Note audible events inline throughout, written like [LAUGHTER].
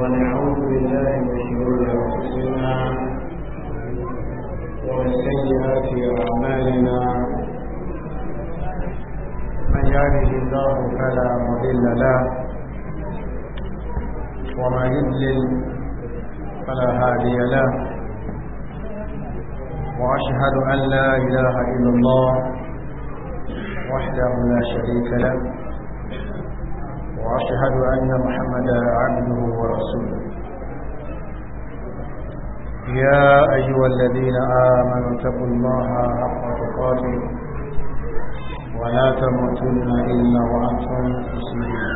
ونعوذ بالله من شرور انفسنا ومن سيئات اعمالنا من يهده الله فلا مضل له ومن يضلل فلا هادي له واشهد ان لا اله الا الله وحده لا شريك له وأشهد أن محمدا عبده ورسوله يا أيها الذين آمنوا اتقوا الله حق تقاته ولا تموتن إلا وأنتم مسلمون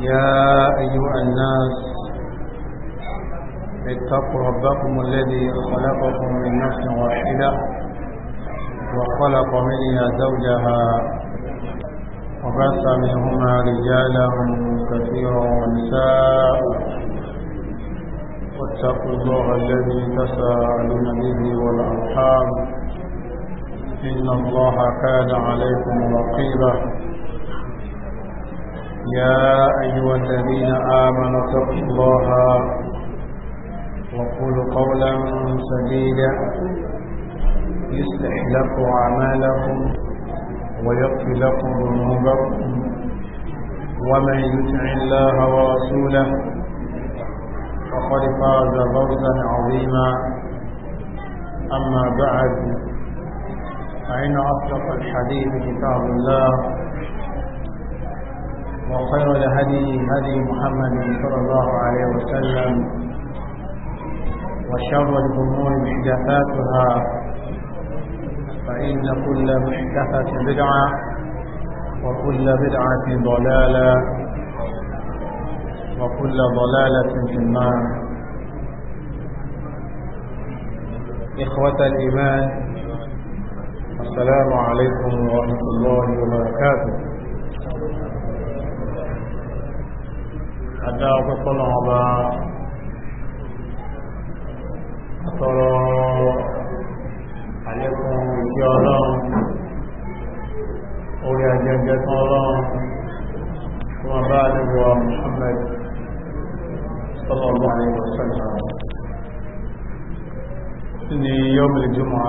يا أيها الناس اتقوا ربكم الذي خلقكم من نفس واحدة وخلق منها زوجها وبث منهما رجالا كثيرا ونساء واتقوا الله الذي تساءلون به والأرحام إن الله كان عليكم رقيبا يا أيها الذين آمنوا اتقوا الله وقولوا قولا سديدا يصلح لكم أعمالكم ويغفر لكم ذنوبكم ومن يطع الله ورسوله فقد فاز فوزا عظيما اما بعد فان اصدق الحديث كتاب الله وخير الهدي هدي محمد صلى الله عليه وسلم وشر الامور محدثاتها فإن كل محدثة بدعة وكل بدعة ضلالة وكل ضلالة في النار إخوة الإيمان السلام عليكم ورحمة الله وبركاته أدعى أقول الله أترى àlékún ìṣẹ́ ọlọ́run orí ajẹ́jẹ́ tán ọlọ́run tó wọ́n bá àdúgbò Muhammad sallallahu alaihi wasallam ní yọ́mìlì jùmọ̀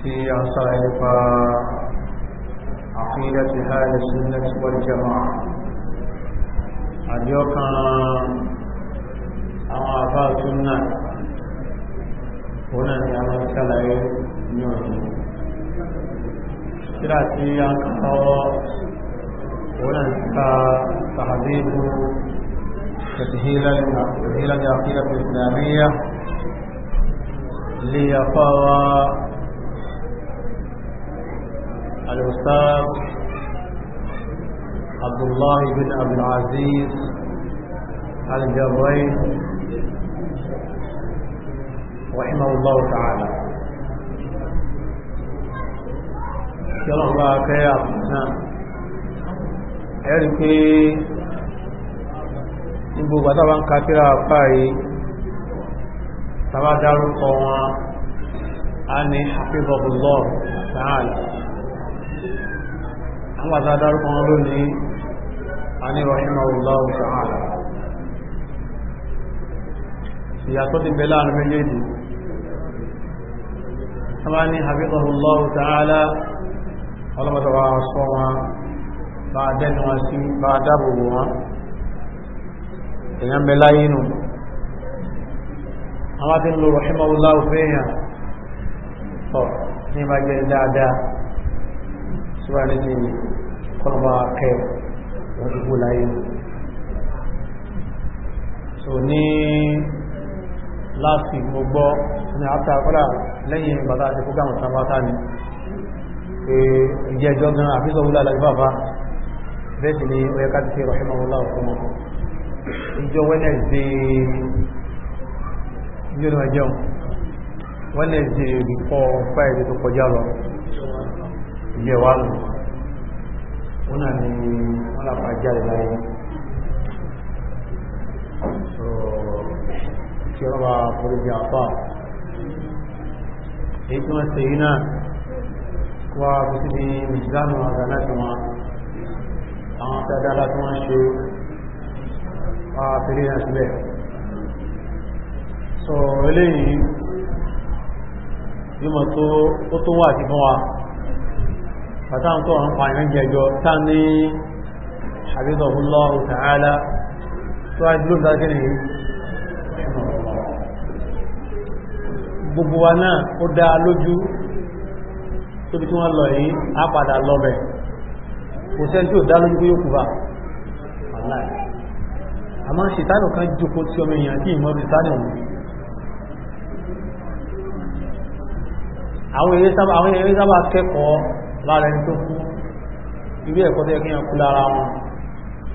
tí a sára nípa عقيدة أهل السنة والجماعة àdíọ́kan àwọn àfáà súnnà ဘုန်းတော်ကမှဆက်လိုက်ညွှန်တယ်ဒါစီယံကောဘုန်းတော်ကသာဒီကို تسهيلا تسهيلا للعقيدة الإسلامية ليقرأ الأستاذ عبد الله بن عبد العزيز الجبرين رحمه الله تعالى يلا الله خير ẹ̀rí pé níbo gbàtàwà ń ka fàáyé tàbá dárúkọ wọn a ní hafizahullah ta'ala àwọn àtà dárúkọ wọn lónìí a ní rahimahullah ta'ala ìyàtọ̀ ti bẹ̀lá àrùn méjèèjì tabani hafizahullahu ta'ala ọlọ́mọdé wa sọ wọn bá dẹ́nu wọn sí bá dáàbò wọn èèyàn mẹ́lá yínú àwọn tí ń lo rahimahullahu fẹ́yàn tọ́ ní bá jẹ́ dáadáa síwájú ní kọ́nàbà kẹ́ wọ́n ti kú láyé so ní láti ní àtà kọ́lá lẹ́yìn bàtà àti fúgàmù sàmátà ni ìjẹjọ́ gan àfíṣọ́ wúlà lágbàbá bẹ́ẹ̀ sì ni ó yẹ ká ti ṣe rahimahullah fún ìjọ wednesday ìjọba ẹjọ́ wednesday olùkọ́ friday tó kọjá lọ ìjẹwà lọ wọn náà ni wọn làpá jáde bí àpá èyí tí wọ́n ṣe yìí náà wá títí bí ìdánù àgbà láti wọn àwọn tẹ́dá láti wọ́n ṣe wá fèrè náà síbẹ̀ sọ eléyìí yíò tó ó tó wà sí fún wa bàtà ń tó àwọn pààyàn jẹjọ tá ní àbídọ̀húnlọ́rù tààlà tó àìdúró dákẹ́ nìyí gbogbo wa náà ó dá lójú tóbi tí wọ́n lọ yìí á padà lọ́bẹ̀ kò sẹ́ni tí ò dá lójú yóò kú bá aláì àmọ́ ṣìtánù kan jókòó tí ọmọ èèyàn kí ìmọ̀ ṣìtánù mú àwọn èèyàn sábà kẹ́kọ̀ọ́ lára ẹni tó kú irú ẹ̀kọ́ tó kí èèyàn kú lára wọn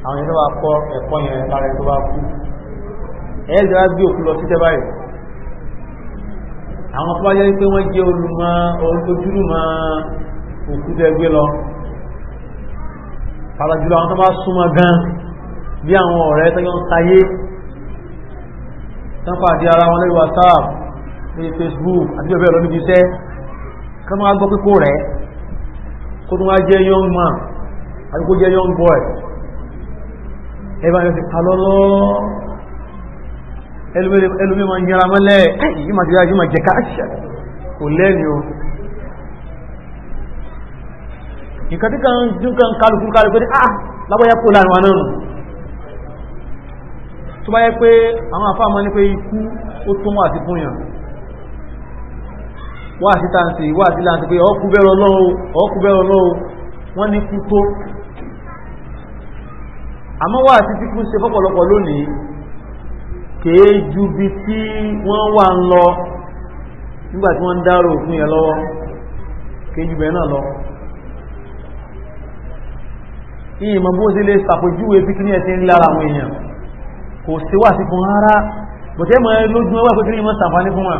àwọn èèyàn sábà kọ́ ẹ̀kọ́ yẹn lára ẹni tó bá kú ẹ̀ẹ́dẹ̀ wá gbé òkú lọ sí tẹ́ àwọn tó bá jẹ́ pé wọ́n jẹ́ olùmọ̀ ojúlùmọ̀ òkú tẹ́gbé lọ pàtàkìlọ àwọn tó bá súnmọ́ gan bí àwọn ọ̀rẹ́ tẹ́jọ́ ń sayé tán pàdé ara wọn lórí WhatsApp lórí Facebook àti ọ̀bẹ̀ lọ́nà ibiṣẹ́ kán máa gbọ́ pípò rẹ̀ kó tó wá jẹ́ young man àti kó jẹ́ young boy ẹ̀bá yóò ti pa lọ́lọ́ọ́ elu ma ń yẹra mọ́lẹ̀ yìí ma ti yára ma jẹ káàṣà kò lẹ́ni o tí kan dúkan ní kó náà nù tó bá yẹ pé àwọn ní pé ikú ó tó wà sí fún yàn wà sí wà sí pé ọkù wọ́n ní kú tó àmọ́ wà sí ṣe fọ́pọ̀lọpọ̀ lónìí kèé ju bí tí wọ́n wà ń lọ nígbàtí wọ́n ń dárò òfin yẹn lọ́wọ́ kèé ju bẹ̀rẹ̀ náà lọ ìyìnmọ̀ bó sí lè sàpèjúwe bí kí ní ẹ̀sìn ńlá àwọn èèyàn kò sí wà sí fún rárá bọ̀tẹ́ mọ̀ lójú ọwà pé kí ní mọ́ sàǹfàní fún wa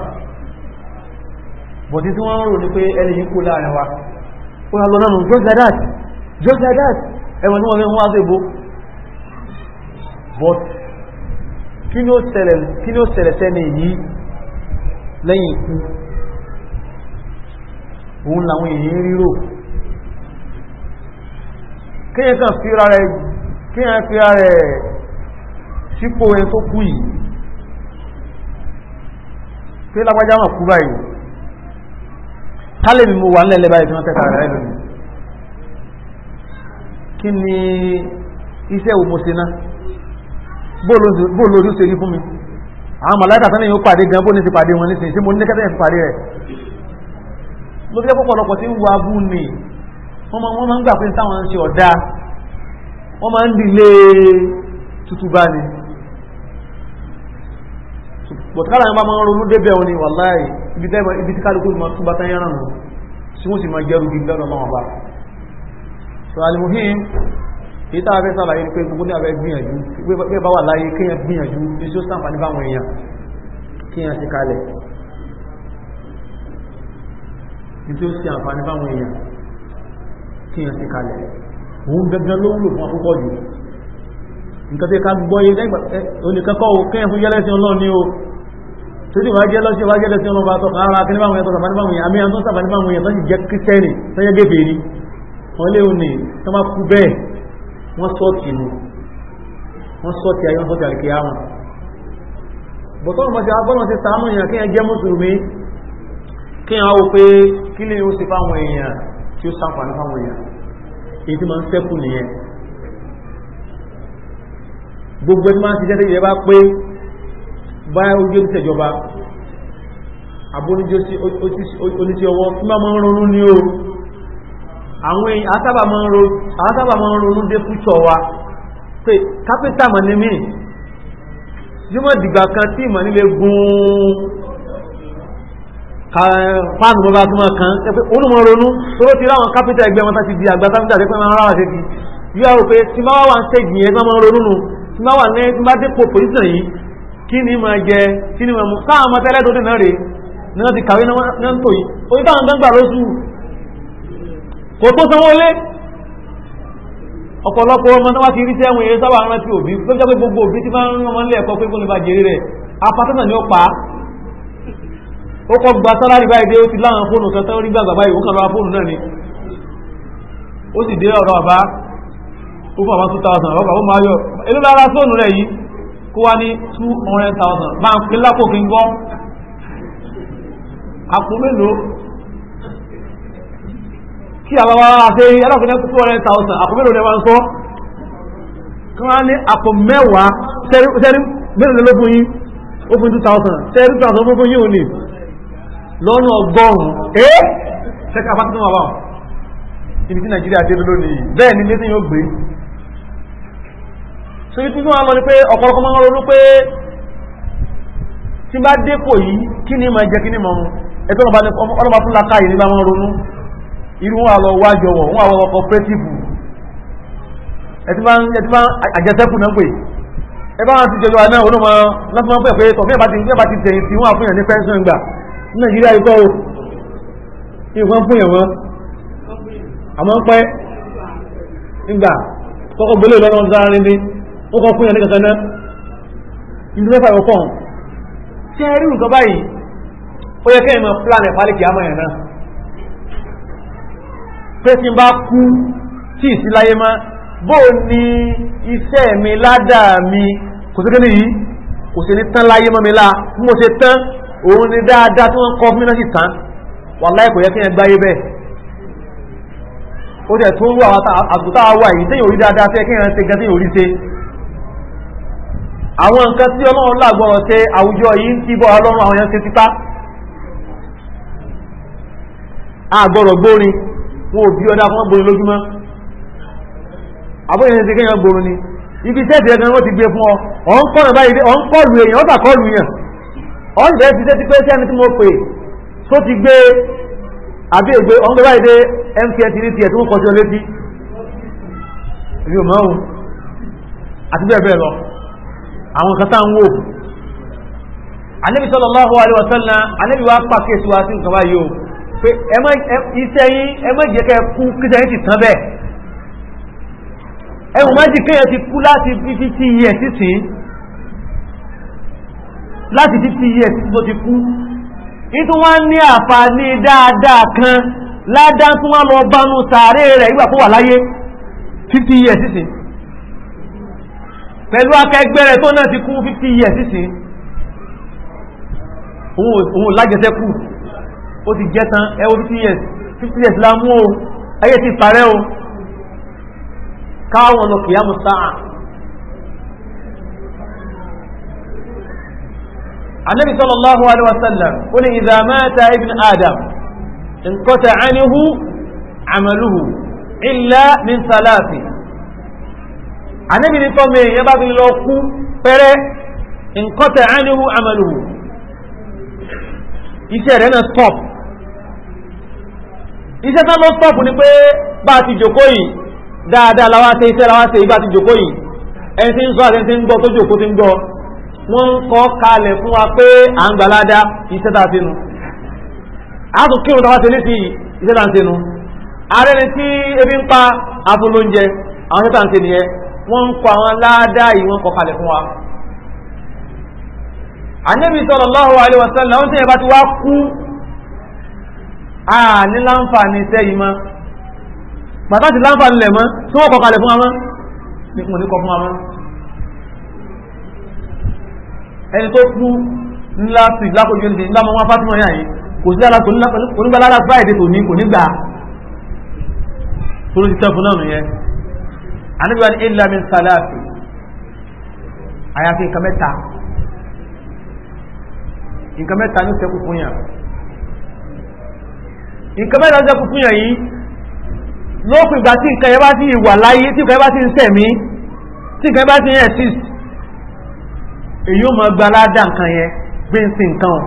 bọ̀tí tí wọ́n ń rò ní pé ẹni yìí kó láàrin wa ó yà lọ náà just like that just like that ẹ̀wọ̀n tí wọ́n fi ń wá sí ìbò but kí ni ó ṣẹlẹ̀ sẹ́ni yìí lẹ́yìn ikú òun làwọn èèyàn ríro kíyàn kan fi ara rẹ̀ kíyàn fi ara rẹ̀ sípò ẹni tó kú yìí pé lágbájá mọ̀ kú báyìí tálẹ̀ mi mo wà nílẹ̀ báyìí tí wọ́n tẹ́ta rẹ̀ lónìí kí ni iṣẹ́ òmòsíná bó lórí ó ṣe rí fún mi àwọn màláìkà tán lẹ́yìn ó pàdé gan bó ní ti pàdé wọn nísìnyí tí mo ní kẹ́tẹ́ ti pàdé rẹ̀ ló fi jẹ́ pọ̀pọ̀lọpọ̀ tí ń wo abú ni wọ́n máa ń gbà pé táwọn ń ṣe ọ̀dá wọ́n máa ń dìlé tútù bá ni bọ̀tọ́kàlà ń bá máa ń ronú débẹ̀ òní wàláì ibi tí kálukú ma tún bá tán yẹ́ràn nù tí wọ́n sì máa jẹ́rù gbígbẹ́ lọ́wọ́ bá èyí tàbí sàlàyé ní pé gbogbo ní àwẹ́ gbìyànjú pé bá wà láyé kíyàn gbìyànjú ní tí ó sàǹfàní báwọn èèyàn kíyàn sí kalẹ̀ ní tí ó sí àǹfàní báwọn èèyàn kíyàn sí kalẹ̀ òun gẹ́gẹ́ ló wúlò fún akúkọ jù nǹkan tí ká gbọ́ yé oníkankọ́ o kíyàn fún yẹ́lẹ́sìn ọlọ́run ní o tó ti wá jẹ́ lọ́sí wá jẹ́lẹ́sìn ọlọ́run bá tọ́ ara kí ní báwọn èèyàn tó sàǹfàní báwọn èèyàn àmì àwọn tó sàǹfàní báwọn èèyàn tó sì jẹ́ kírísítẹ́nì tó yẹ́ gẹ́gẹ́ rí wọ́n léwu ni tó má kú bẹ́ẹ̀ wọ́n sọ́ọ̀tì nù wọ́n sọ́ọ̀tì ayé wọ́n sọ́ọ̀tì àríkè àwọn bọ̀tọ́ ọmọ sí abọ́nà sí sàánù èèyàn kí ẹ jẹ́ mùsùlùmí kí ẹ wọ́n pé kí lè ó sì fáwọn èèyàn tí ó sàǹfààní fáwọn èèyàn èyí tí ma ń sẹ́kù nìyẹn gbogbo ẹni máa ń ṣiṣẹ́ tẹ́jẹ́ bá pé báyá ojú ojú tẹ̀jọba abóníjọ́ sí oníṣẹ́ ọwọ́ tí máa ń ronú ní o àwọn èèyàn àtàbà máa ń ronú dé fúchọ̀ wa pé kápítà mọ̀ ní mí yóò mọ̀ dìgbà kan tí ìmọ̀ nílé gún fáànù bọ́bá tó máa kan ẹgbẹ́ olùmọ̀ ronú tóró ti ráwọn kápítà ẹgbẹ́ wọn láti di àgbà kápítà tẹ́pẹ́ máa ráwà ṣe kí yóò àwọn pé tí máa wà ń tẹ́jì yẹn máa ronú nù tí máa wà ní tí máa dépò pòlísàn yìí kí ni máa jẹ kí ni máa mú sáà máa tẹ́lẹ̀ tó dì náà kò tó sanwó lé ọ̀pọ̀lọpọ̀ ọmọ tó bá ti rí sẹ́wọ̀n èyí sábà rántí òbí tó jẹ́ pé gbogbo òbí ti máa ń rán lé ẹ̀kọ́ pé kó lè bá jèrè rẹ̀ apatọ́nà ni ó pa ó kọ́ gba sálárì báyìí dé ó ti láwọn fóònù kan tán rí gbàgbà báyìí ó kàn lọ́wọ́ fóònù náà ni ó sì dé ọ̀rọ̀ àbá ó fún àwọn two thousand ọ̀pọ̀ ó máa yọ èló lára fóònù rẹ̀ yìí kó wá ní two hundred thousand máa ń pín lápò kí n gbọ́ àpò mélòó kí àbáwá àti ẹlọ́kùnrin kú two hundred thousand àpò mélòó ni wọ́n ń sọ kí wọ́n á ní àpò mẹ́wàá sẹ́rí mélòó ló fún yín ó fún two thousand sẹ́rí two thousand fún yín ò ní lọ́nà ọgọ́rùn-ún ẹ́ sẹ́ka fásitì náà wà ibi tí nàìjíríà dé lónìí bẹ́ẹ̀ ni létí yóò gbé so ibi tí wọ́n lọ ni pé ọ̀pọ̀lọpọ̀ máa ń ronú pé tí bá dépò yìí kí ni máa jẹ kí ni máa mu ẹgbẹ́ ọlọ́ba fún lakáyè ní bá máa ronú irú wọn lọ wájọ wọn wọn àwọn cooperative ẹtí bá àjẹsẹ́kù náà pè ẹ bá wọn ti jẹjọ náà onímọ̀ láti máa ń pè pé tọ̀fẹ́ bá ti ní bá ti tẹ̀yìn tí wọ́n àfúnyàn ní pẹ́ńsìn gbà ní nàìjíríà ikọ́ o ìwọ̀n fúnyàn wọn àmọ́ pẹ́ ìgbà kọ́kọ́ gbélé lọ́nà záàrin ní ó kọ́ fúnyàn ní kankan náà ìlú mẹ́fà ìwọ̀n kọ́ ṣe rí nǹkan báyìí ó yẹ kẹ́yìn máa plan ẹ̀fà lè kìí àmọ́ yẹn náà pé tí n bá kú tí ì sí láyé mọ́ bó ni iṣẹ́ mi ládàá mi kò sí kéde yìí kò sí ní tán láyé mọ́ mi lá bí mo tán òun ni dáadáa tí wọ́n kọ́ fún mi náà sì tán wàláhì kò yẹ kí yẹn gbáyé bẹ́ẹ̀ ó jẹ́ tó ń wà àtúntà wà yìí téèyàn orí dáadáa fẹ́ kí yẹn ṣe gan téèyàn orí ṣe àwọn nǹkan tí ọlọ́run lágbọ́rọ̀ ṣe àwùjọ yìí ń tíbọ̀ ọlọ́run àwọn yẹn ṣe títà àgbọ̀rọ̀ gbórin wọn ò bí ọdá fún ọgbọ̀n lójúmọ́ àbóyẹn ti kéyàn gbòrò ni ibi tẹ́ẹ̀tì ẹ̀kan wọ́n ti gbé fún ọ ọ̀n kọ́nà báyìí ọ̀n kọlù èèyàn ọ̀tà kọlù èèyàn ọ̀n bẹ̀rẹ̀ ti tẹ́tí pé ó sẹ́ni tí mo pè tó ti gbé àbí ègbé ọ̀n gbé báyìí dé mps ní tiẹ̀ tó ń kọsí ọlétí yóò máa wù àti bẹ́ẹ̀ bẹ́ẹ̀ lọ àwọn kan táà ń wò Ànábì sallallahu alaihi wasallam Ànábì wa pàkíyèsí wa sí nǹkan báyìí o pé iṣẹ́ yín ẹ má jẹ́ kẹ́ kú kíṣẹ́ yín ti tán bẹ́ẹ̀ ẹ̀wọ̀n má jì kéèyàn ti kú láti fifty years sísìn láti fifty years tó ti kú nítorí wọ́n ní àǹfààní dáadáa kan ládàá tó wọ́n lọ bánú sàárè rẹ̀ ìgbà tó wà láyé fifty years sísìn pẹ̀lú akẹgbẹ́ rẹ̀ tó náà ti kú fifty years sísìn òun lájẹsẹ́kù ó ti jẹ́ tán ẹwọ́ 50 years 50 years lámú o ayé ti parẹ́ o káwọn lọ kìí àmú sáà anábi sallallahu alaihi wasallam ó ní idha mata ibn adam inqata anhu amaluhu illa min salati anábi ní tọ́ mẹ́rin yẹ bá fi lọ kú pẹ́rẹ́ inqata anhu amaluhu iṣẹ́ rẹ̀ náà stop iṣẹ́ tán ló stọ́pù ni pé bá ti jòkó yìí dáadáa láwá ṣe iṣẹ́ láwá ṣe ìgbà ti jòkó yìí ẹni tí ń sọ àti ẹni tí ń gbọ́ tó jòkó tí ń gbọ́ wọ́n ń kọ́ kalẹ̀ fún wa pé à ń gbalada iṣẹ́ tá a ṣe nu a tún kírun táwa ṣe létí iṣẹ́ tá a ṣe nu ààrẹ ni tí ebi ń pa afúnlóúnjẹ àwọn iṣẹ́ tá a ṣe nìyẹn wọ́n ń kọ́ àwọn láàdá yìí wọ́n kọ́ kalẹ̀ fún wa. ànábì sallallahu alaihi wasallam a ní láǹfààní sẹ́yìn mọ́ pàtàkì láǹfààní lẹ̀ mọ́ tí wọ́n kọkalẹ̀ fún ọmọ nípò ní kọ fún ọmọ ẹni tó kú ńlá sí lákòójú ní ńlá mọ́ wọn fásitì yà yìí kò sí alákò onígbà lára friday tòní kò nígbà tó ló ti tẹ́fún náà nìyẹn àníbi wọn ilẹ̀ mi sàlẹ̀ àyàfi nǹkan mẹ́ta nǹkan mẹ́ta ní sẹ́kù fún yàrá nǹkan mẹ́ta ń sẹ́kù fún yàn yìí lópin ìgbà tí nǹkan yẹn bá ti wà láyé tí nǹkan yẹn bá ti ń sẹ̀mí tí nǹkan yẹn bá ti ń exist èyí ó mọ gba aládà nǹkan yẹn gbé ń sin nǹkan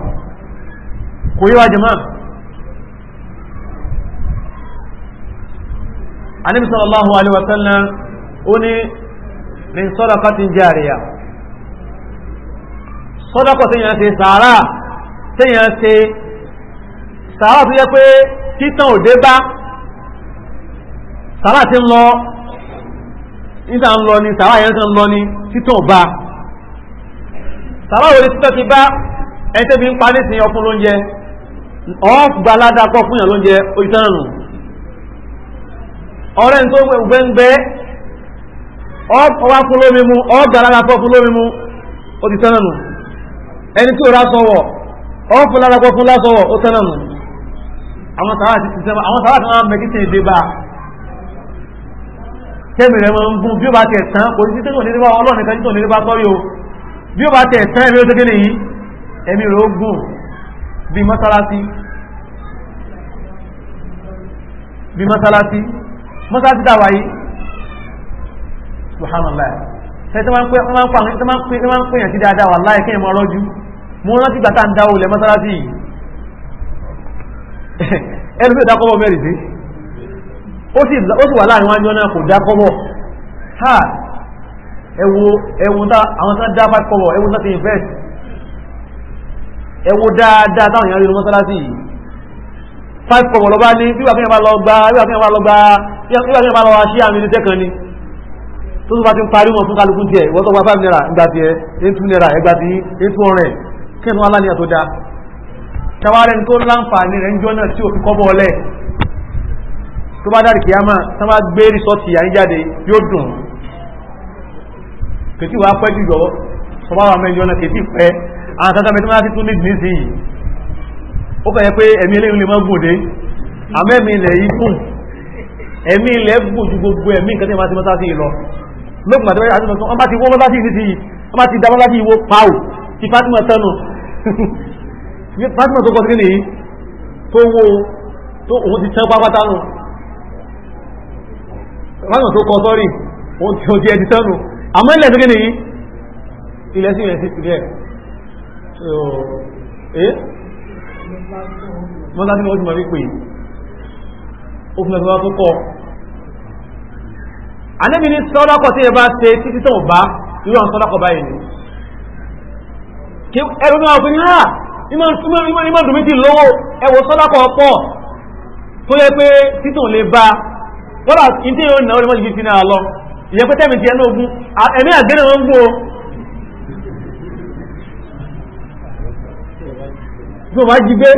kò yíwá jẹ máa anabi sallallahu alaihi wa sallam ó ní min sadaqatin jariya sadaqa tẹ́yàn ṣe sàárà tẹ́yàn ṣe sàárà tó yẹ pé títàn òde bá sàárà ti ń lọ níta ń lọ ni sàárà yẹn kan lọ ni títàn bá sàárà òde títàn ti bá ẹni tẹ́bi ń pa nísìnyí ọkùn lóúnjẹ ọ̀gbàládà pọ̀ fún yàn lóúnjẹ òyìntàn nù ọ̀rẹ́ tó gbẹ́ngbẹ́ ọwá fún lómi mú ọgbàlára pọ̀ fún lómi mú ó ti tẹ́nà ẹni tí ó rá sọ́wọ́ ọ fún lára pọ̀ àwọn sàárà ti sẹ́mà àwọn sàárà ti máa mẹ́kí sí èdè bá kẹ́mì rẹ̀ máa ń gún bí ó bá tẹ̀ tán kò sí tẹ́tò nílé bá ọlọ́run nìkan títò nílé bá sọ́rí o bí ó bá tẹ̀ tán ẹ̀mí ó tẹ́kẹ́ lè yí ẹ̀mí rẹ̀ ó gùn bí mọ́sálásí bí mọ́sálásí mọ́sálásí dàwà yìí subhanallah ṣe tí wọ́n máa ń pè yàn sí dáadáa wà láì kẹ́yìn mọ́ ọlọ́jú mo rántí gbàtà ń dáwò lẹ́ mọ́sálásí yìí [LAUGHS] ẹni tó dákọ́bọ̀ mẹ́rin sí ó sì wà láàrin wájú náà kò dákọ́bọ̀ ha ẹwọ àwọn tán dá fàkọ́bọ̀ ẹwọ tán ti invest ẹwọ dáadáa táwọn èèyàn rí lọ mọ́sálásí yìí fàkọ́bọ̀ lọ bá ní bí wàkíyàn bá lọ gbá bí wàkíyàn bá lọ gbá bí wàkíyàn bá lọ wá sí àmì ní tẹ́kan ni tó tó bá ti ń parí wọn fún kálukú tiẹ̀ wọ́n tó wá 5 naira ìgbà tiẹ̀ 8 naira ẹgbà tí 8 100 kí ẹnu alániyà tó dáa tẹwàrẹ́ ní tó láǹfààní rẹ̀ ń jọ náà tí ò fi kọ́bọ̀ ọlẹ́ tó bá dárì kìyàmá tán bá gbé rìsọ́ọ̀tì yà ń jáde yóò dùn kìtì wàá pẹ́ jùjọ sọ bá wà mẹ́jọ náà kìtì pẹ́ àwọn tata mẹ́tí máa ti tún ní ìdínísì yìí ó kọ̀ yẹ pé ẹ̀mí eléyìí lè má gbòde àmẹ́mí ilẹ̀ yìí gùn ẹ̀mí ilẹ̀ gùn ju gbogbo ẹ̀mí nǹkan tí wọ́n ti mọ́tá sí ìlọ lókùn àti wọ́n bá ti wọ́n mọ́tá sí yìí wọ́n bá ti dá mọ́tá sí ti Fatima tẹnu [LAUGHS] Fatima tó kọsí ní tó wó tó òun ti tán pápátá nù Fatima tó kọ sọ́rí òun ti ọjẹ́ ti tán nù àmọ́ ilẹ̀ tó kéde yìí ilẹ̀ sí ilẹ̀ sí ilẹ̀ ẹ́ eh? mọ́lá tí wọ́n ti mọ̀ wípé ó fi lọ́sọ́wọ́ tó kọ́ anẹ́bí ní sọ́lọ́kọ̀ tí ẹ bá ṣe títí tó ìmọ̀dùnmí ti lówó ẹwọ sọ́dápọ̀ ọpọ̀ tó yẹ pé títùn lè bá wọ́lá ìdí yóò náà orí mọ́jìbí sínú àlọ́ ìyẹn pé tẹ́mì ti ẹnu ogun ẹ̀mí àgbẹ́nà wọn gbó tí wọ́n bá jí gbé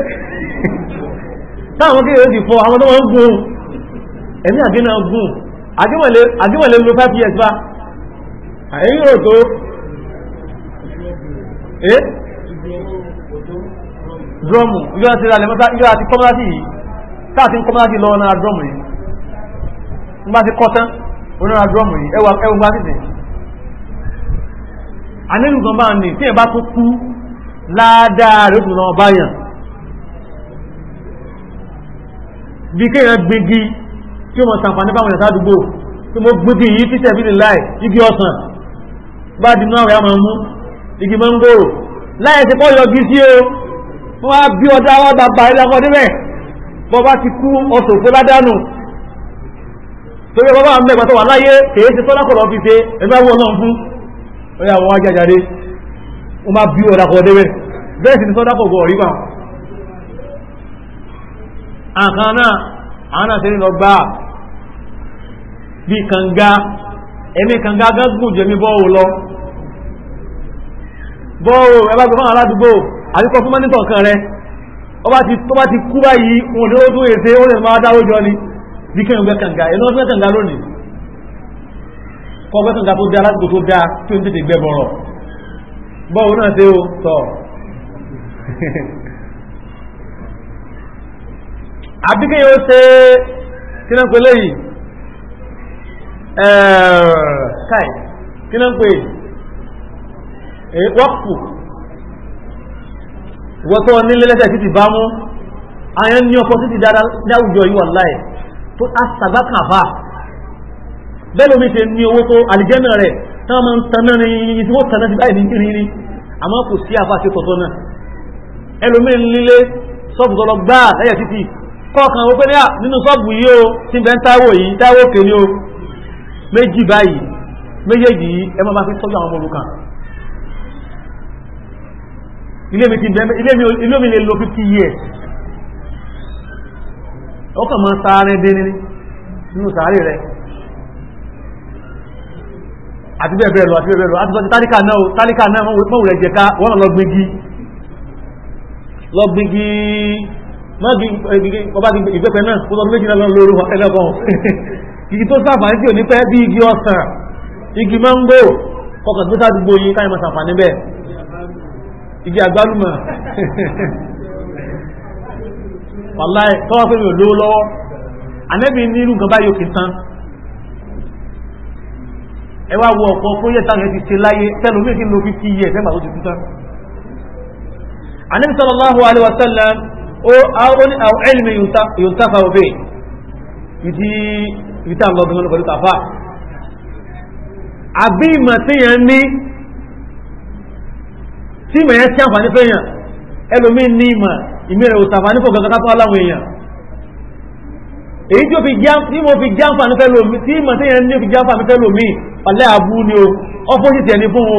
táwọn kí èyí ti fọ àwọn tó wọ́n gbó ẹ̀mí àgbẹ́nà gùn àdíwọ̀lẹ̀ lo 5 years bá ẹ̀yìn rò drọ́mù ìjọ́ àti ìrànlẹ̀ mọ́ta ìjọ́ àti kọ́mọ́láti yìí káàtí ń kọ́mọ́láti lọ náà drọ́mù yìí ń bá ti kọ́tán onára drọ́mù yìí ẹwà ẹwùn bá tìsẹ̀ anẹ́lù gan bá ń ní tí ẹ bá tó kú ládàá rẹ̀ òkùnrin náà báyàn bí kéèyàn gbégi tí ó mọ̀ sàǹfààní báwọn ìyàtà àdúgbò tí mo gbégi yìí títẹ̀ bí láì igi ọ̀sán bá di náà rẹ̀ á mú igi mọ́ngòrò láì ti kọ́ yọ gí sí o wọ́n á bí ọdá wá bàbá ìlàkọ̀ débẹ̀ bọ́ bá ti kú ọ̀sọ̀ òfin ládánù torí bàbá àwọn mẹ́gbàtọ̀ wà láyé kèé ti tọ́lá kọ̀lọ̀ fi ṣe ẹgbẹ́ wọn náà fún ó yà wọ́n ajájáde wọ́n máa bí ọdá kọ̀ débẹ̀ bẹ́ẹ̀ sì ni tọ́lá kọ̀ bọ̀ rí bá àkàn náà àwọn àti nínú ọgbà bí kànga ẹ̀mí kànga gángùn jẹ́mi bọ́ọ̀ lọ bọ́ọ̀ ẹ̀bá gbọ́n aládùúgbò àríkọ́ fún mẹ́nìtọ̀ kan rẹ tó bá ti kú báyìí wọn ni ó tún èsè ó lè máa dáwó jọ ni bí kí ẹgbẹ́ kànga ẹ̀nà ọdún kànga lónìí kọ́ ọgbẹ́ kànga tó dá lásìkò tó dá tí ó ń [LAUGHS] kí náà pẹ̀lẹ́ yìí ẹ̀ẹ́ káì wọ́pù wọ́n tó ní lẹ́lẹ́sẹ̀ títí bá mú àyàn ní ọkọ̀ títí dáwùjọ yíwà láì tó aṣàgbákàfà bẹ́ẹ̀ lómi ṣe ní owó tó àlìjẹ́nà rẹ̀ náà máa ń taná ní iye tí wọ́n taná ti báyìí ní rírí àmọ́ kò sí àfà ṣe tọ̀tọ̀ náà ẹlòmí ń lílé sọ́ọ̀bù tọ́lọ gbá lẹ́yẹ̀ títí kọ́ọ̀kan ó pé ní à nínú sọ́ọ̀bù yìí o tí bẹ́ẹ̀ ń táwò yìí táwò kè ní o méjì báyìí méjèèjì yìí ẹ máa fi tọ́jú àwọn ọmọ olùkàn ilé mi ti bẹ̀ẹ́ ilé mi lè lo 50 years ó kàn mọ́ sáré dé ní nínú sáré rẹ̀ àti bẹ́ẹ̀ bẹ́ẹ̀ lọ àti bẹ́ẹ̀ bẹ́ẹ̀ lọ àti sọ ti tálíkà náà tálíkà náà mọ́ wùlẹ̀ jẹ́ká wọ́n lọ gbígi lọ gbígi eh, ọba ìgbẹ́pẹ̀ náà ó lọ méjì náà lórí ẹlẹ́gbọ̀n igi [LAUGHS] tó sáfà ní tí ò ní pẹ́ bí igi ọsàn igi mángò kọkàn tó sádùgbò yín káyọ̀ mọ́ sàǹfà níbẹ̀ igi àgbálùmọ̀ wàláì tọ́wọ́ pé mi ò lówó lọ́wọ́ ànẹ́bí ní irú nǹkan báyìí òkè tán ẹ wá wo ọ̀pọ̀ fún yẹ́ táwọn ti ṣe láyé tẹ́lú mí kí ló fi kí yẹ fẹ́mà tó ti tán ànẹ́bí sallallahu alaihi wasallam ó ní àwọn ẹlmi yòntáfà òbí tí ìmọ̀ yẹn sí àǹfààní fẹ́ yàn ẹlòmí ní ìmọ̀ ìmìrẹ̀ òsàǹfààní fò gangan kápá láwọn èèyàn èyí tí mo fi jẹ́ àǹfààní fẹ́ lòmí tí ìmọ̀ tí yẹn ní fi jẹ́ àǹfààní fẹ́ lòmí pàlẹ́ àbú ni o ọpọ́sìtì ẹni fún o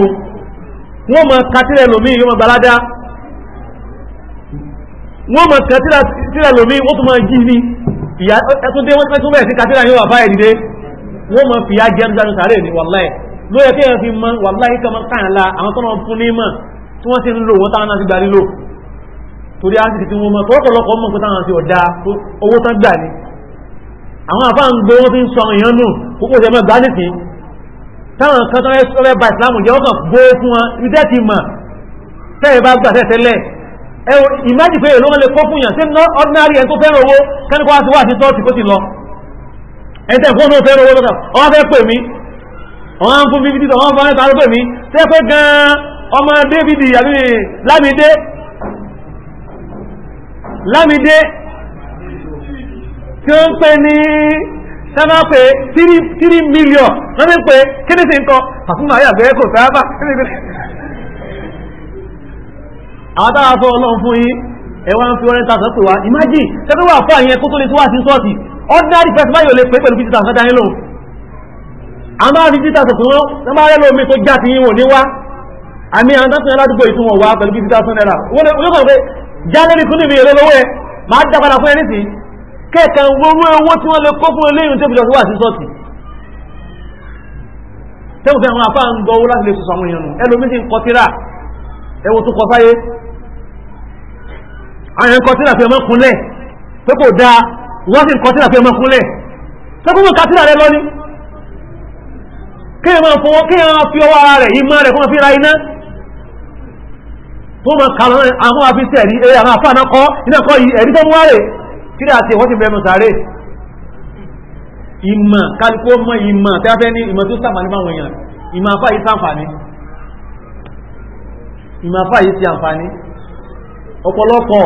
wọ́n mọ̀ katílẹ̀ lòmí yóò mọ̀ gbalada wọ́n mọ̀ katílẹ̀ lòmí ó tún mọ̀ jí ni ẹtún dé wọ́n tún bẹ̀rẹ̀ sí katílẹ̀ yóò wà báyìí dìde wọ́n mọ̀ fìyà jẹ́ ń sáré ní wàláì lóyẹ kí ẹ fi mọ wàláì kí ẹ mọ káyàn àwọn tó fún ní mọ̀ tí wọ́n ti ń lò wọ́n táwọn náà ti gbà lílò torí àti tí wọ́n mọ̀ tọ́pọ̀lọpọ̀ mọ̀ pé táwọn ti ọ̀dá owó tán gbà ní àwọn àfá ń gbé wọ́n fi ń sọ èèyàn nù kókò jẹ́ mọ́ gbà nìsín táwọn kan tó rẹ́ ba ìsìlámù jẹ́ ọkàn gbó fún wọn ìdẹ́ ti mọ̀ tẹ́ẹ̀ bá gbà tẹ́tẹ́lẹ̀ ẹ ìmájì pé èlò wọn lè kó fún yàn sí ordinary ẹni tó fẹ́ràn owó kẹ́nìkọ́ wá sí wá sí tọ́ọ̀tì kó tẹ́ fún fẹ́ràn owó ọmọ david yàmí lámidé lámidé tí ó ń pè ní sábà pé tírí mílíọ̀n wọ́n ti pé kíní sí ń kọ́ àfúnmọ̀ ayàgbẹ́ kò sáábà àwọn tára sọ ọlọ́run fún yín ẹwà ń fi ọrẹ́ tàṣán pè wá ìmájì tẹ́tẹ́ wà fún àyẹn kó tó lè tó wà sí sọ́ọ̀tì ordinary person báyìí ò lè pé pẹ̀lú fíjítà sọ́dá yín lòun àwọn fíjítà sọ̀tún lọ́n bá rẹ́ lómi tó já ti yín wò ní wá àmì àwọn tó ń sẹ́yìn ládùúgbò ìtumọ̀ wá pẹ̀lú bí títà sọ́nẹ́ra wọ́n lè sọ pé jálẹ́rì kún níbi èrè lọ́wọ́ ẹ̀ máa dápadà fún ẹni sí kẹ́ẹ̀kan wọ́wọ́ owó tí wọ́n lè kó fún eléyìn tó fi jọsí wà sí sọ́ọ̀tì tẹ́wọ̀n fẹ́ àwọn afá ń gbọ́ owó láti lè sọ̀sọ̀ àwọn èèyàn nù ẹlòmí sì ń kọ tíra ẹwọ tó kọ sáyé àwọn ẹ̀kọ́ tíra fi ọmọ kúnlẹ̀ pé kò dáa wọ́n sì ń kọ tíra fi ọmọ kúnlẹ̀ tẹ́kùnmù ká tíra rẹ lọ ni kéèyàn máa fi ọwọ́ ara rẹ̀ yìí máa rẹ̀ fún ọ fi ra iná wọ́n ma kàlọ́ àwọn àfíṣẹ́ ẹ̀rí eré àwọn àfáàná kọ́ iná kọ́ yìí ẹ̀rí tó mú wáyé kí ni àti ìwọ́n ti bẹ̀rẹ̀ sàárè ìmọ̀ kálukú mọ́ ìmọ̀ tí a fẹ́ ní ìmọ̀ tó sàǹfààní fáwọn èèyàn ìmọ̀ afá yìí sàǹfààní ìmọ̀ afá yìí ti àǹfààní ọ̀pọ̀lọpọ̀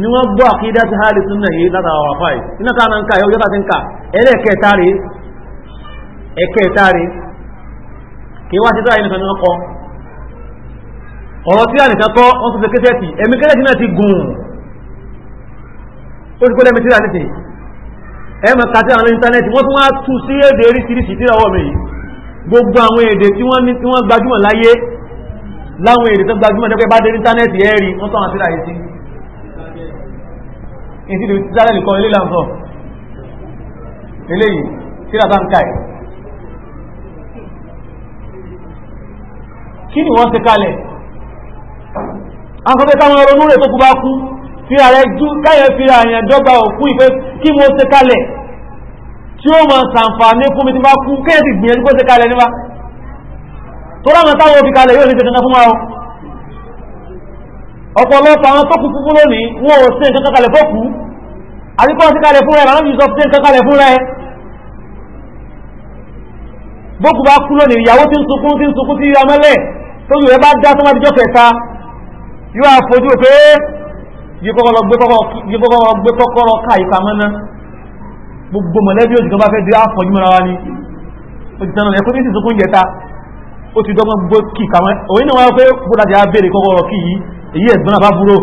ni wọ́n gbọ́ àkídá ti hálì súnà yìí látara àwọn afá yìí iná káà ń ka ẹ̀yọ́ yọ́ta ti ń ka ẹlẹ́ẹ̀kẹta rèé ẹ̀kẹta rèé kí wá ti dára ẹnìkan ní wọ́n kọ́ ọ̀rọ̀ tí ànìkan kọ́ wọ́n tún ṣe kéṣẹ́ tì ẹ̀mí kéṣẹ́ náà ti gùn ó ti kó lẹ́mi tíra nìsín ẹ̀mọ̀ kàtí àwọn íńtánẹ́ẹ̀tì wọ́n tún wá tú sí èdè oríṣiríṣi tíra wọ̀ mí gbogbo àwọn èdè tí wọ́n ní tí wọ́n gbajúmọ̀ láyé láwọn èdè tó gbajúmọ̀ jẹ́ pé bá dé íńtánẹ́ẹ̀tì ẹ̀ rí wọ́n tọ́wọ́n síra yìí sí ìsì lè tíra nìkan ilé làǹsọ̀ eléyìí tíra bá ń ka ẹ̀ kí ni wọ́n ṣe kalẹ̀ àkọ́kẹ́ táwọn ronú rẹ̀ tó kú bá kú fi ààrẹ jú káyẹ̀ fi àyàn dọ́gba òkú ìfẹ́ kí mo ṣe kalẹ̀ tí ó mọ̀ sàǹfààní fún mi ti bá kú kéyẹ̀ sì gbìyànjú kó ṣe kalẹ̀ níwá tó ráwọn táwọn òbí kalẹ̀ yóò ní ṣe kankan fún wa ọ̀pọ̀lọpọ̀ àwọn tó kú kú lónìí wọn ò ṣe nǹkan kalẹ̀ fọ́kù àríkọ́ sí kalẹ̀ fún rẹ̀ àwọn yìí sọ ṣe nǹkan kalẹ̀ fún rẹ̀ bókù bá kú lónìí ìyàwó ti ń sunkún ti ń sunkún ti amẹ́lẹ̀ tó yìí rẹ̀ bá dá sọ́mọ́ àtijọ́ kẹta yóò àfojú pé yí kọ́kọ́rọ́ gbé kọ́kọ́rọ́ ká ìpamọ́ náà gbogbo mọ̀lẹ́bí òjì kan bá fẹ́ di àfọ̀jú mọ́ra wa ni ó ti tán lọ ẹ̀kọ́ ní sì sunkún jẹta ó ti dọ́gbọ́n gbó kí ìkàmọ́ òyìn náà wá pé bóta ti á béèrè kọ́kọ́rọ́ kí yìí èyí ẹ̀gbọ́n àbá búrò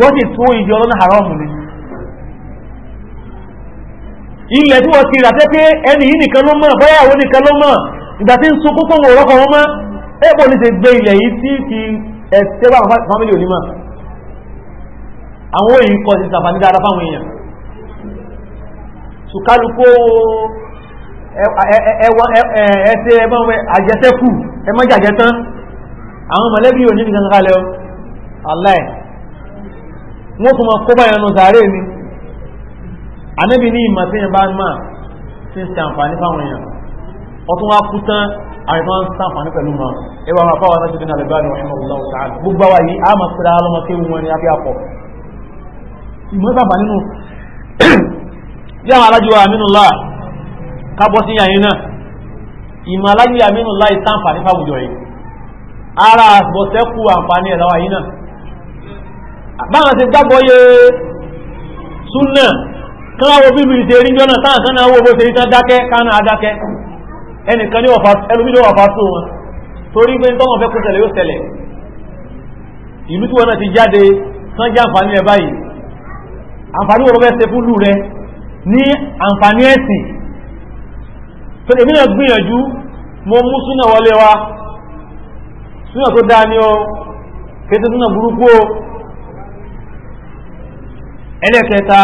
wọ́n ti tún ìdí ọlọ́nà haramu ni ilẹ̀ tí wọ́n ti rà tẹ́ pé ẹni yìí nìkan ló mọ̀ báyàwó nìkan ló mọ̀ ìgbà tí ń sunkún kó wọ́n rọ́kọ̀ wọn mọ́ ẹ̀bọ̀ ní ti gbé ilẹ̀ yìí tí ti ẹ̀sẹ̀ wà fámílì onímọ̀ àwọn òyìn kọ́ sí sàfàní dára fáwọn èèyàn ṣùkálùkó ẹ̀ẹ́sẹ̀ ẹmọ́ àjẹsẹ́kù ẹmọ́ jàjẹ́ tán àwọn mọ̀lẹ́bí ò ní ní kankan lẹ́ọ aláì wọ́n tún mọ kó bá ẹnu sàárè ni anábì ní ìmọ̀ tí ẹ̀ bá ń mà ti ń ṣàǹfààní fáwọn èèyàn ọtún wá kú tán àìmọ́ ń sàǹfàní pẹ̀lú wọn ẹwà wọn fáwọn aláṣẹ́ ìdínà lẹ́gbàá ní ọ̀hìnmọ̀lọ́wọ́ tààlù gbogbo wa yìí a máa pẹ̀lú alọ́mọ tí wọn ni a fi àpọ̀ ìmọ̀ sàǹfà nínú [CLEARS THROAT] bí àwọn alájú wa àmínúlá kábọ́ sí yàyín náà ìmọ̀ alájú wa àmínúlá ìsàǹfàní fáwùjọ yìí ara àbọ̀sẹ́kù àǹfàní ẹnìkan ní ẹlòmí ló wà fà tó wọn torí pé tọ́nà fẹ́ kó tẹ̀lé yóò tẹ̀lẹ̀ ìlú tí wọn náà ti jáde tán jẹ́ àǹfààní rẹ báyìí àǹfààní wọn fẹ́ ṣe fún lù rẹ ní àǹfààní ẹ̀sìn tó èmi náà gbìyànjú mo mú súnà wọlé wa súnà tó dáa ni ó kété súnà burúkú ó ẹlẹ́kẹta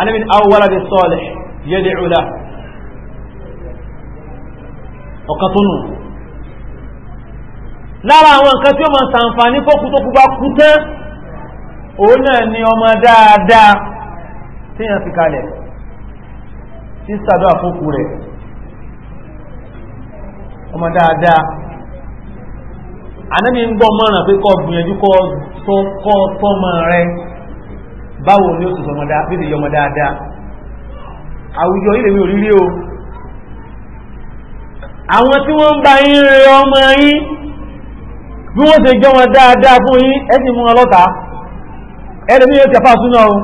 alẹ́bìn awọ́wọ́lá ti sọ́ọ̀lẹ̀ yẹ́dẹ̀ ọ̀la ọ̀kan tó nù lára àwọn nǹkan tí ó máa sàǹfàní fókù tó kúgbà kú tán òun náà ni ọmọ dáadáa tí yàn fi kalẹ̀ tí sàdọ́ àfókù rẹ̀ ọmọ dáadáa ànábi ń gbọ́ mọ́ràn pé kọ́ gbìyànjú kọ́ tọ́kọ́ tọ́mọ báwo ni ó sì sọmọ dáadáa àwùjọ ilẹ̀ mi ò rírí o àwọn tí wọ́n ń bá yín rẹ ọmọ yín bí wọ́n ṣe jọ wọn dáadáa fún yín ẹ sì mú wọn lọ́ta ẹlòmí yóò tẹ̀fà súná o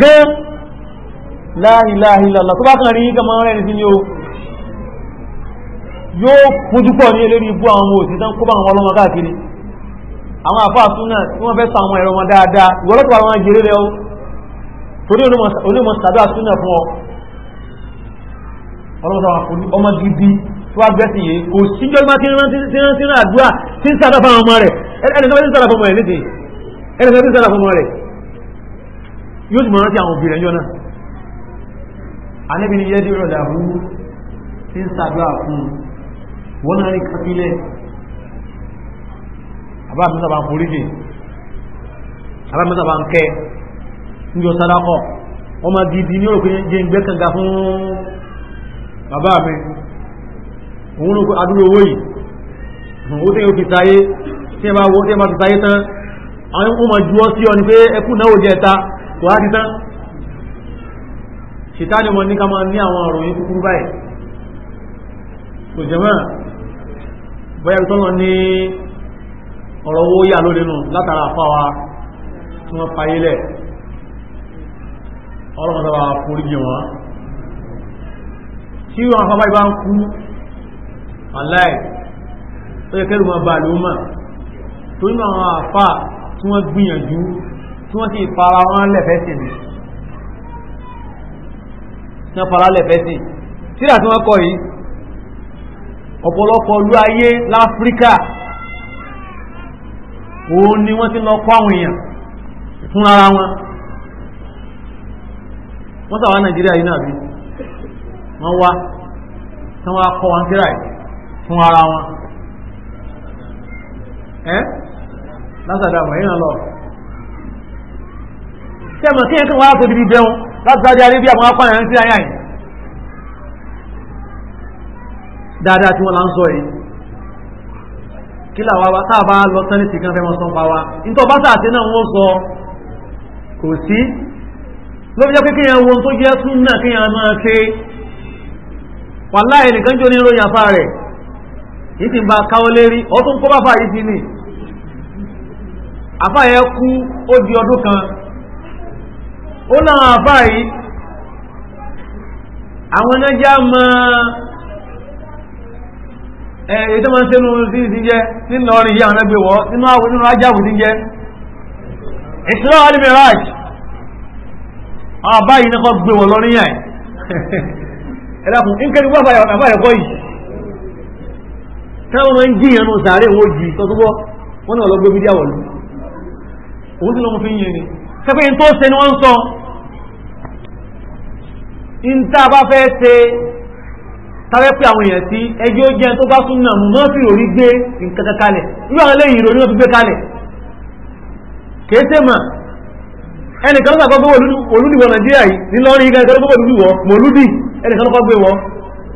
gán la ilaha illallah tó bá kàn rí kọmọ rẹ̀ ní sí ni o yóò fojú pọ̀ ní eléré ibú àwọn òsì tán kó bá àwọn ọlọ́mọ káàkiri àwọn àfáà súná tí wọ́n fẹ́ sọ àwọn ẹ̀rọ wọn dáadáa ìwọ́lọ́pàá wọn jèrè rẹ o torí onímọ̀ sàdọ́ àsúná fún ọ ọlọ́pàá ọmọ gidi tó wá gbẹ́sìn yìí kò síjọ́ gbá tí rántí rán àdúrà tí ń sàdá fáwọn ọmọ rẹ̀ ẹnìkan tí ń sàdá fọmọ rẹ̀ léde ẹnìkan tí ń sàdá fọmọ rẹ̀ yóò sì mọ̀ rántí àwọn òbí rẹ̀ yọ náà anẹ́bí ni yẹ́ dí rọ̀dà hú tí ń sàdúrà fún wọn náà rí kápílẹ̀ àbáàmísà bá ń foríjì àbáàmísà bá ń kẹ́ ń jọ sádákọ̀ ọmọ gidi ní òkè jẹ́ bàbá mi òun ló adúrú owó yìí ó tẹ́ òfin sáyé tí ẹ bá wọ́n tí ẹ bá fi sáyé tán àwọn ohun ma juwọ́ sí ọ ni pé ẹkú náà ò jẹta kò á ti tán ṣìtá ni mo ní ká máa ní àwọn ọ̀rọ̀ yìí kúkúrú báyìí kò jẹ́mọ́ bóyá tọ́lọ ní ọ̀rọ̀ owó yà lórí nù látara àfáwa tí wọ́n fayé lẹ̀ ọlọ́mọdé wa forí jì wọ́n tí wọn afọ báyìí bá ń kú wàláì ó yẹ kẹrù wọn bá ló mà torí àwọn àfà tí wọ́n gbìyànjú tí wọ́n sì fara wọn lẹfẹsì ni tí wọ́n fara lẹfẹsì síra tí wọ́n kọ yìí ọ̀pọ̀lọpọ̀ olú ayé láfíríkà òun ni wọ́n ti lọ kọ́ àwọn èèyàn fún ara wọn wọ́n sàwọn nàìjíríà yìí náà bíi wọ́n wá tí wọ́n kọ́ wọn síra yìí fún ara wọn ẹ́ lásàdá mọ̀ yìí lọ tẹ́mọ̀ sí ẹ̀kọ́ wọ́n á fojú bíbẹ́ wọn láti Saudi Arabia àwọn akọ́ ẹ̀rẹ́ síra yìí dáadáa tí wọ́n lá ń sọ yìí kí làwọn wa táà bá lọ sẹ́ni tìkan fẹ́ mọ́ sọ́n pa wa nítorí bá sàtẹ́ náà wọ́n sọ kò sí ló jẹ́ pé kéèyàn wo tó jẹ́ súnà kéèyàn máa ṣe wàláhì nìkan jó ní ròyìn afá rẹ̀ yìí ń ba káwọ́ lérí ó tún kó bàbá yìí sí ni afá yẹn kú ó di ọdún kan ó láwọn afá yìí àwọn ẹnẹ́jà máa èyí tó máa ń sẹ́nu sí ti jẹ́ nílọrin yìí àwọn ẹgbẹ́ wọ́ nínú àwọn nínú ti [LAUGHS] ẹlẹ́kùn nkẹ́ni wọ́n àbáyọ̀ àbáyọ̀ kọ́ yìí táwọn máa ń jiyàn nù sàárè wọn jì tọ́túbọ́ wọn náà lọ gbé bídíà wọ̀lú òun tí lọ́mọ fi ń yẹn ni sẹ́pẹ́ in tó ṣe ni wọ́n ń sọ in tá a bá fẹ́ ṣe tábẹ́ pé àwọn èèyàn sí ẹjẹ́ ó jẹ́ tó bá tún náà mú mọ́sí ìròrí gbé nǹkan kalẹ̀ irú àwọn eléyìí ìròrí wọn fi gbé kalẹ̀ kìí ṣe mà ẹnìkan ló sàkọ́ gbé Nàìjíríà yìí ní lọ́rin igi ẹgbẹ́ gbé olúdìwọ̀ mọ̀lúdì ẹnìkan kọ́ gbé wọn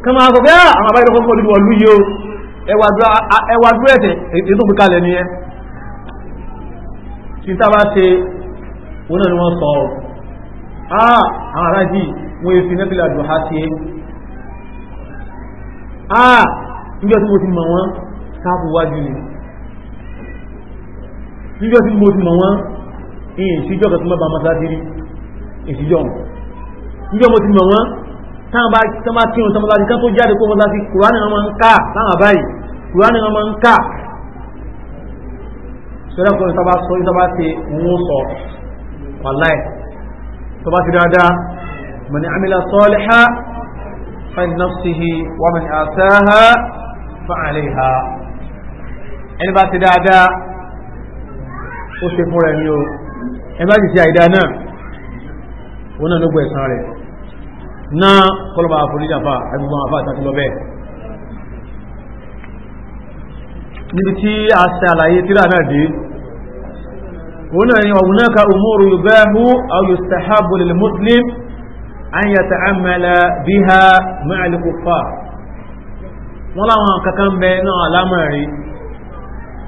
kan máa sọ pé ah, àwọn abáyé kọ́ fọ́lú wọ̀lú yìí o ẹwà dúró ẹ̀sẹ̀ èyí tó gbé kalẹ̀ nìyẹn tí tá bá ṣe wọn náà ni wọ́n sọ ọ́ ah àwọn aráàjì wọ́n èsì nẹ́fìlà dùn á sí ah níjọ́ tí mo ti mọ̀ wọ́n sáàbù wájú ni níjọ́ tí mo ti mọ̀ wọ́n ìyìn ìṣíjọ́ kan tó mọ́ bá mọ́ sáà níjọ́ táwọn bá tán bá kírun tán mọ́sáàsì kán tó jáde kó mọ́sáàsì kùránì wọn máa ń kà táwọn báyìí kùránì wọn máa ń kà sọ́dọ̀ kọ́ni tó bá sọ yìí tó ti mú sọ wàláì tó ti dáadáa man amila salihan fa nafsihi wa man asaha fa alayha ẹni bá ti dáadáa ó ṣe fún rẹ̀ ni o ẹni bá ti ṣe àìdá náà òun náà ló gbọ́ ẹ̀san rẹ̀ náà kọlọ̀bà àforíjàfà àgbègbè àfà àtàkì lọ bẹ́ẹ̀ níbi tí a ṣe àlàyé tíra náà dé òun náà ni ọ̀hún náà ka umuru yubahu aw yustahabu lil muslim an yata'ammala biha ma'a al kuffar wọ́n láwọn kankan bẹ náà alámọ̀rí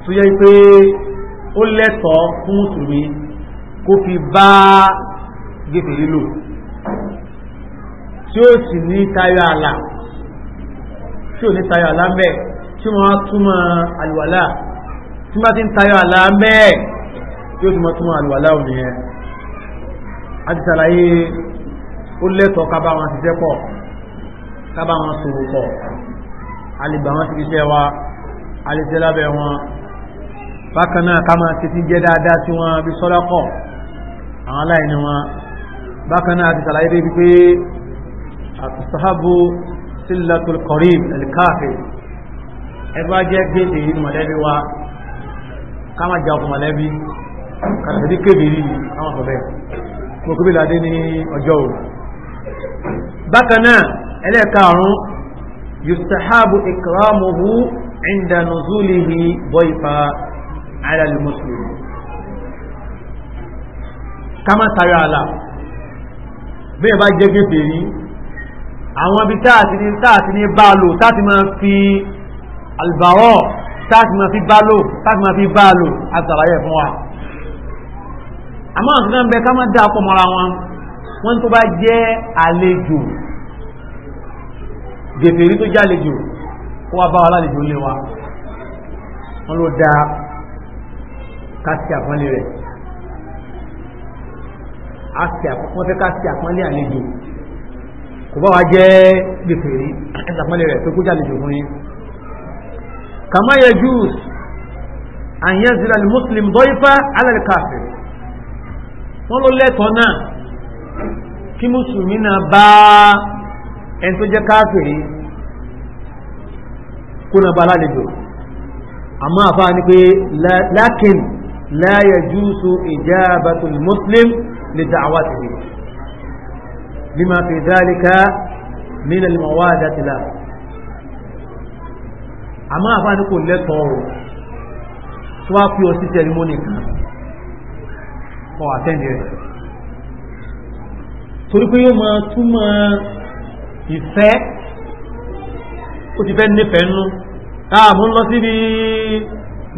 tó yẹ pé ó lẹ́tọ̀ọ́ fún mùsùlùmí kó fi bá gẹ̀fẹ̀ lílò tí ó sì ní tayọ àlà tí ò ní tayọ àlà ń bẹ tí wọ́n á túmọ̀ àlùwàlà tí wọ́n ti ń tayọ àlà ń bẹ tí ó ti àlùwàlà ò nìyẹn a ti ó lẹ́tọ̀ọ́ ká wọn ṣiṣẹ́ pọ̀ ká wọn ṣòwò pọ̀ a lè gbà wọn síbi wa a lè ṣe lábẹ́ wọn bákan náà ká máa títí jẹ́ dáadáa tí wọ́n bí sọ́dọ́kọ̀ àwọn aláìní wọn bákan náà àti ṣàlàyé débi pé àtúnṣáàbò sílẹ̀tò kọ̀rìm ẹ̀lìkáàfì ẹgbẹ́ jẹ́ gbèdè yìí mọ̀lẹ́bí wa ká má jà fún mọ̀lẹ́bí kàtàkì kéde yìí káwọn sọ bẹ́ẹ̀ mo kó bí ládé ní ọjọ́ òru bákan náà ẹlẹ́ẹ̀karùn-ún yustahabu ikramuhu inda nuzulihi boifa ala muslim ká má tayọ bá jẹ́ gbèdè yìí àwọn ibi táàtì ní táàtì ní bá lò táàtì máa fi albàwọ̀ táàtì máa fi bá lò táàtì máa fi bá lò àtàlàyé fún wa àmọ́ àti náà bẹ ká má dáa pọ̀ mọ́ra wọn wọ́n tó bá jẹ́ àlejò gèfèrí tó jẹ́ àlejò ó wá bá wa lálejò lé wa wọ́n ló da kásì àpọ́nlé rẹ̀ wọ́n fẹ́ kásì àpọ́nlé àlejò kò bá wa jẹ́ gbèfèrè ẹ̀sàpẹ́lẹ̀ rẹ̀ tó kó jáde jù fún yín kàmá yẹ jùs àyẹ́ zira lè muslim dọ́ífà alẹ́kàfẹ́ wọ́n ló lẹ́tọ̀ọ́ náà kí mùsùlùmí náà bá ẹni tó jẹ́ káfìrí kó náà bá lálejò àmọ́ àfáà ni pé lákìn la yajusu ijabatul muslim li da'watihi lima fi dhalika min al-mawadati lahu àmọ́ àfáàní kò lẹ́tọ̀ọ́ o tó wá pí ọ sí tẹrimónì kan ọ àtẹ́ndì rẹ̀ torí pé yóò máa túmọ̀ ìfẹ́ ó ti fẹ́ nífẹ̀ẹ́ nú káàmù lọ síbi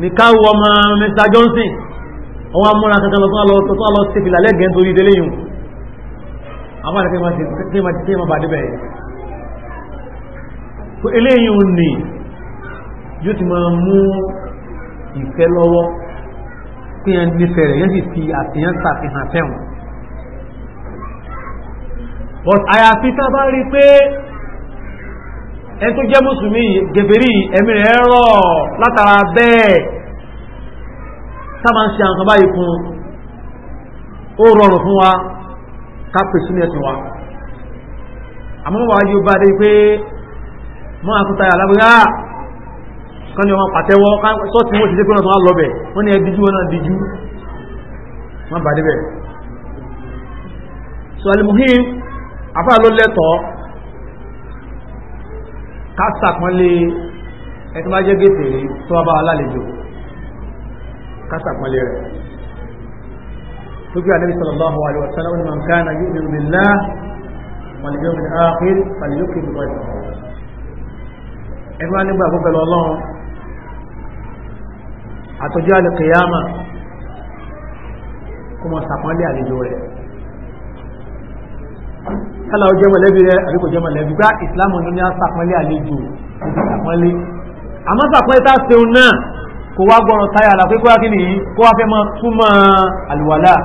nìkáwù ọmọ Mr Johnson ọwọ́ amúra kankan lọ tó lọ sí ìfìlà lẹ́gẹ̀ẹ́ torí ìdẹ́lẹ́yìn àwọn àti kéèmà bá débẹ̀ so eléyìí ò ní yóò ti máa mú ìfẹ́ lọ́wọ́ pé yẹn nífẹ̀ẹ́ rẹ̀ yẹn sì fi àfihàn sàfihàn fẹ́hùn but àyàfi tá bá rí pé ẹni tá máa ń ṣe àwọn kan báyìí fún ó kápẹ̀ sínú ẹ̀sìn wa àmọ́wà yóò bá dé pé mọ́ àkúta àlábúyá kan ni ọmọ pàtẹ́wọ́ sọ́tí wọ́n ti dé pẹ́lọ́tọ̀ lọ́bẹ̀ wọ́n ni ẹ díjú wọn náà díjú wọ́n bá débẹ̀ so alimuhim afá ló lẹ́tọ̀ ká sàpọ́nlé ẹtí bá jẹ́ gẹ́tẹ̀ẹ́ tó bá alálejò ká sàpọ́nlé rẹ̀ tó النبي صلى الله عليه وسلم من كان يؤمن بالله واليوم wal yawmil akhir falyukrim dayfahu ẹgbẹ́ nígbà gbogbo ọlọ́run àtọ́jọ́ alìkìyàmà kó mọ sàpọ́nlé àlejò rẹ̀ kálá ó jẹ́ mọ̀lẹ́bí rẹ̀ àbí kò jẹ́ mọ̀lẹ́bí gbá ìsìláàmù ní a sàpọ́nlé àlejò sàpọ́nlé àmọ́ sàpọ́nlé tá seun náà kò wá gbọ́rọ̀ táyà àlàpé kó wá kí nìyí kó wá fẹ́ mọ́ túmọ̀ àlùwàlá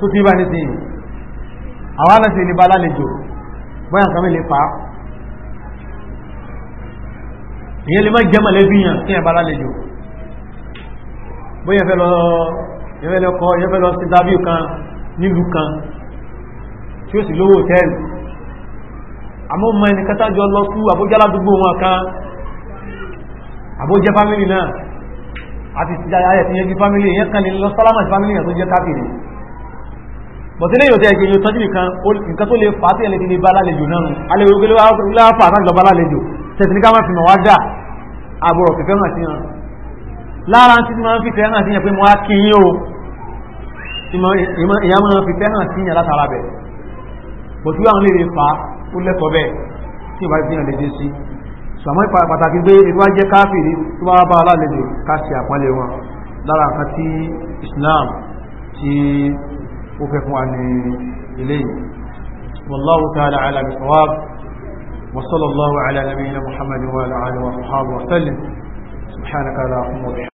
tó ti bá ní sí àwọn aláṣẹ ilé bá lálejò bóyá nǹkan mẹ́lẹ̀ pa ìyẹn lè má jẹ́ mọ̀lẹ́bí yàn kí ẹ bá lálejò bóyá fẹ́ lọ yẹ́fẹ́ lọ kọ́ yẹ́fẹ́ lọ sí dábíù kan nílùú kan tí ó sì lówó hòtẹ́ẹ̀lì àmọ́ mọ ẹni kẹtàjọ lọ sú àbójá ládùúgbò wọn kan àbójẹ́ fámìlì náà àti ayẹ̀ tí yẹn ti fámìlì yẹn kan lè lọ sálámà sí fámìlì yẹn tó jẹ́ káfíìrì bọ̀tílé yóò tẹ́ẹ̀kì yóò tọ́jú nìkan nǹkan tó lè fà á tẹ́lẹ̀ ní balálejò náà alẹ́wọ́gbé láàfà àtàjọ balálejò tẹ̀sìníká máa fi mọ̀ wá dà àbúrọ̀ fífẹ́ hàn sí hàn lára tí máa fi fẹ́ hàn sí yàn pé wọ́n á kí yín o ìyá máa fi fẹ́ hàn sí yàn látara bẹ̀ bọ̀tí àwọn lè fà ó lẹ́tọ̀ọ́ bẹ́ẹ̀ tí ìbá fi hàn lè dé sí sàmọ́ pàtàkì pé ebi wá jẹ́ káfìrí tó bá bá alálejò ká ṣe àpọ́nlé wọn lára nǹkan tí Islam ti وكيف مؤني إليه والله تعالى على بصواب وصلى الله على نبينا محمد وعلى آله وصحابه وسلم سبحانك لا أحمد